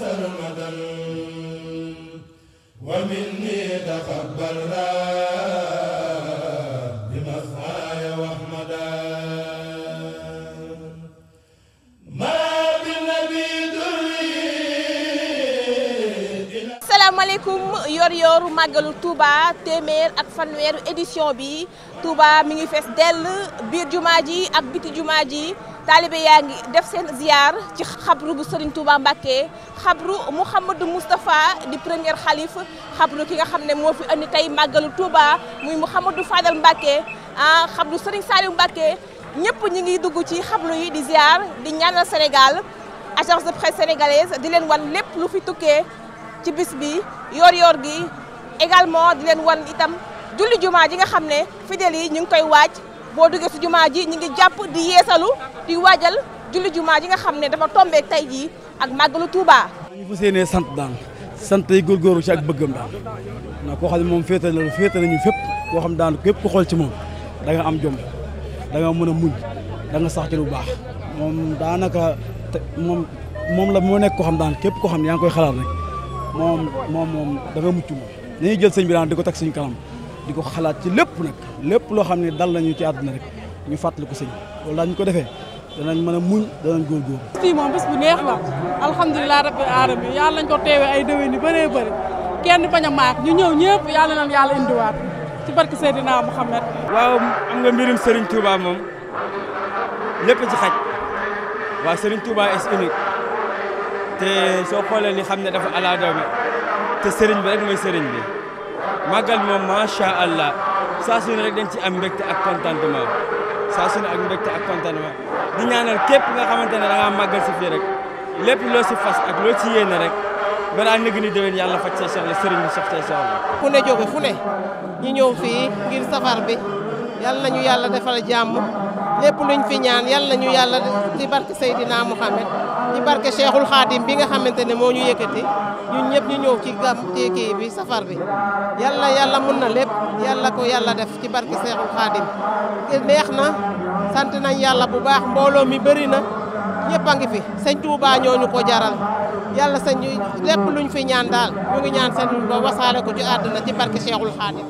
سرمدا ومني تقبل بمسعاي واحمدا yooru màggalu Touba téeméer ak fanweeru édition bi Touba mi ngi fees dell biir jumaa ji ak biti jumaa ji talibé yaa def sen ziar ci khabru bu Serigne Touba Mbacké khabru Mouhamadou Moustapha di premier khalife khabru ki nga xamné ne fi andi tay màggalu Touba muy Mouhamadou Fadal Mbacké ah khabru Serigne Saliou Mbacké ñëpp ñi ngi dugg ci xabru yi di ziar di ñaanal Sénégal agence de presse sénégalaise di len wan lepp lu fi tukkee ci bis bi yor-yor gi également di len wan itam julli juma gi nga xamné ne yi ñu ngi koy waaj. boo duggee si jumaa ji ñu ngi jàpp di yeesalu di waajal julli jumaa nga xam ne dafa tombee tey jii ak màggalu Touba. ñu fas yéenee sant daal sant yi góor ci ak bëggam daal na koo xam moom féete na féete nañu fépp koo xam daan képp ku xool ci moom da am jom da nga a muñ danga nga sax ci lu baax moom daanaka moom moom la moo nekk koo xam daan képp koo xam ne yaa ngi koy xalaat rek moom moom moom da nga mucc jël sëñ bi daan di ko teg suñu kanam di ko xalaat ci lépp nag lépp loo xam ne dal nañu ci àdduna rek ñu fàttali ko sëñ loolu daañu ko defee danañ mën a muñ danañ góorgóor fii moom bés bu neex la alhamdulilah rabbil alamin yàlla lañ ko teewee ay déwén bëree bëri kenn bañ maak ñu ñëw ñëpp yàlla nañ yàlla indiwaat ci barke Seydina Muhammad waaw am nga mbirum sëriñ Touba moom lépp ci xaj waaw sëriñ Touba est te soo xoolee ni xam ne dafa ala te sëriñ bi rek mooy Serigne bi màggal bi moom macha allah saa su ne rek dañ ci am mbégte ak contentement saa su ne ak mbégte ak contentement di ñaanal képp nga xamante ne da ngaa màggal si lépp loo si fas ak loo ci yéene rek balaa nëgg ni déwén yàlla faj say soxla sëriñ bi sax fu ne jóge fu ne ñu ñëw fii ngir safar bi yàlla nañu yàlla defal jàmm lépp luñ fi ñaan yàlla nañu yàlla di barke Seydina Muhammad ci barke Cheikhul Khadim bi nga xamante ne moo ñu yëkkati ñun ñëpp ñu ñëw ci gam ci kii bi safar bi yàlla yàlla mun na lépp yàlla ko yàlla def ci barke Cheikhul Khadim neex na sant nañ yàlla bu baax mbooloo mi bëri na ñëpp a ngi fi sëñ Touba ñooñu ko jaral yàlla sëñ lépp luñ fi ñaan daal ñu ngi ñaan sëñ ba wasaale ko ci àdduna ci barke Cheikhul Khadim